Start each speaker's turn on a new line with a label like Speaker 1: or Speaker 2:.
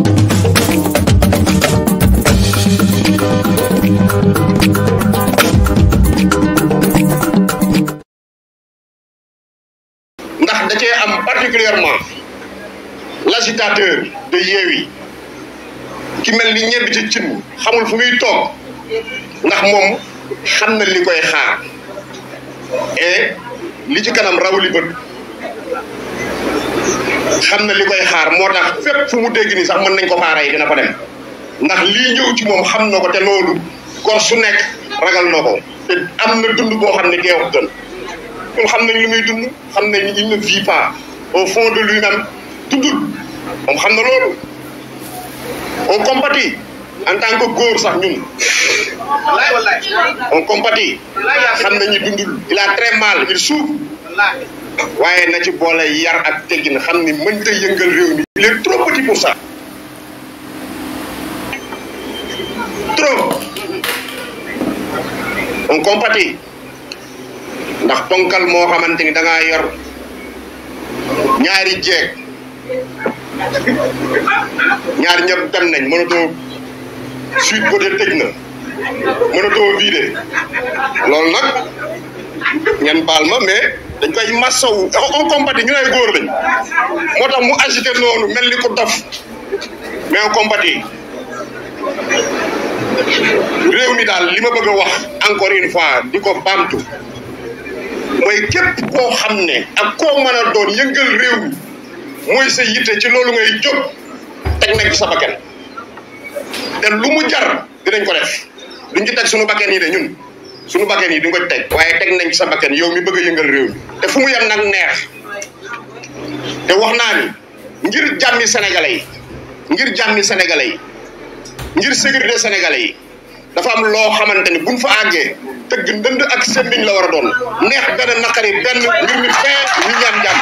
Speaker 1: ndax da ce particulièrement l'agitateur de Yewwi ki mel ni ñebbi ci cin xamul fu muy toog ndax moom xam na li koy xaar et li ci kanam raw li bët xam na li koy xaar moo tax fépp fu mu dégg ni sax mën nañ ko faa rey dina ko dem ndax lii ñëw ci moom xam na ko te loolu gor su nekk ragal no ko te am na dund boo xam ne deewut doon ñun xam nañ li muy dund xam nañ il ne vit pas au fond de lui-même dundul moom xam na loolu on compatit en tant que góor sax ñun on compatit xam nañu dundul il a très mal il souffre waaye na ci boole yar ak teggin xam ni mënta yëngal réew mi il est trop petit pour ça trop on compatit ndax ponkal moo xamante ni danga ngaa yor ñaari jeeg ñaari ñëpp dem nañ mënatoo suite côté tëj na mënatoo vider loolu nag ngeen baal ma mais dañ koy masawu on compatit ñu ay góor lañ moo tax mu agité noonu mel ni ko dof mais on compatit réew mi daal li ma bëgg a wax encore une fois di ko baamtu mooy képp koo xam ne ak koo mën a doon yëngal réew mooy sa yitte ci loolu ngay jóg teg nag sa bakkan te lu mu jar di dinañ ko def duñ ci teg sunu bakkan yi de ñun. suñu bakkan yi di nga ko teg waaye teg nañ sa bakkan yow mi bëgg a yëngal réew mi te fu mu yem nag neex te wax naa ni ngir jàmmi sénégalais yi ngir jàmmi sénégalais yi ngir sécurité sénégalais yi dafa am loo xamante ni buñ fa àggee tëgg ndënd ak sembiñ la war a doon neex benn naqari benn mbir mi fee ñu ñaan jàmm